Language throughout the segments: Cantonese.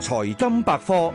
財金百科：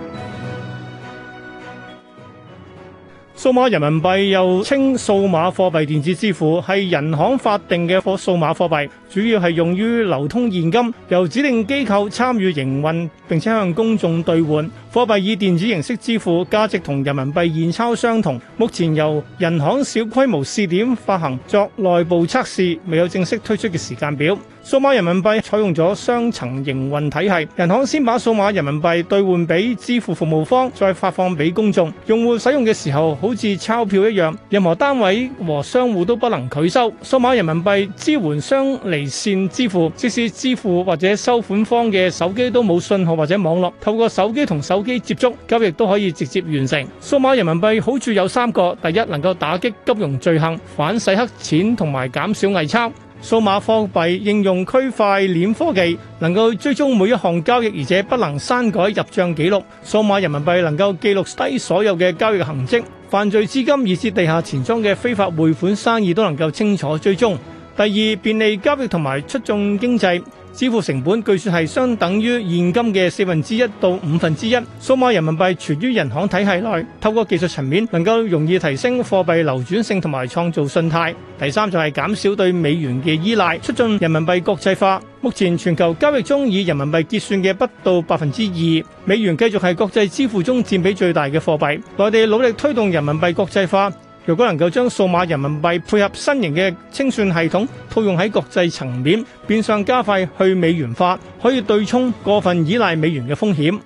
數碼人民幣又稱數碼貨幣、電子支付，係人行法定嘅貨數碼貨幣，主要係用於流通現金，由指定機構參與營運，並且向公眾兌換。貨幣以電子形式支付，價值同人民幣現鈔相同。目前由人行小規模試點發行作內部測試，未有正式推出嘅時間表。數碼人民幣採用咗雙層營運體系，人行先把數碼人民幣兌換俾支付服務方，再發放俾公眾。用戶使用嘅時候好似鈔票一樣，任何單位和商戶都不能拒收。數碼人民幣支援雙離線支付，即使支付或者收款方嘅手機都冇信號或者網絡，透過手機同手。機接觸交易都可以直接完成。數碼人民幣好處有三個：第一，能夠打擊金融罪行、反洗黑錢同埋減少偽鈔。數碼貨幣應用區塊鏈科技，能夠追蹤每一項交易，而且不能刪改入賬記錄。數碼人民幣能夠記錄低所有嘅交易行跡，犯罪資金以至地下錢莊嘅非法匯款生意都能夠清楚追蹤。第二，便利交易同埋出眾經濟支付成本，據算係相等於現金嘅四分之一到五分之一。數碼人民幣存於人行體系內，透過技術層面，能夠容易提升貨幣流轉性同埋創造信貸。第三就係減少對美元嘅依賴，促進人民幣國際化。目前全球交易中以人民幣結算嘅不到百分之二，美元繼續係國際支付中佔比最大嘅貨幣。內地努力推動人民幣國際化。如果能夠將數碼人民幣配合新型嘅清算系統套用喺國際層面，變相加快去美元化，可以對沖過分依賴美元嘅風險。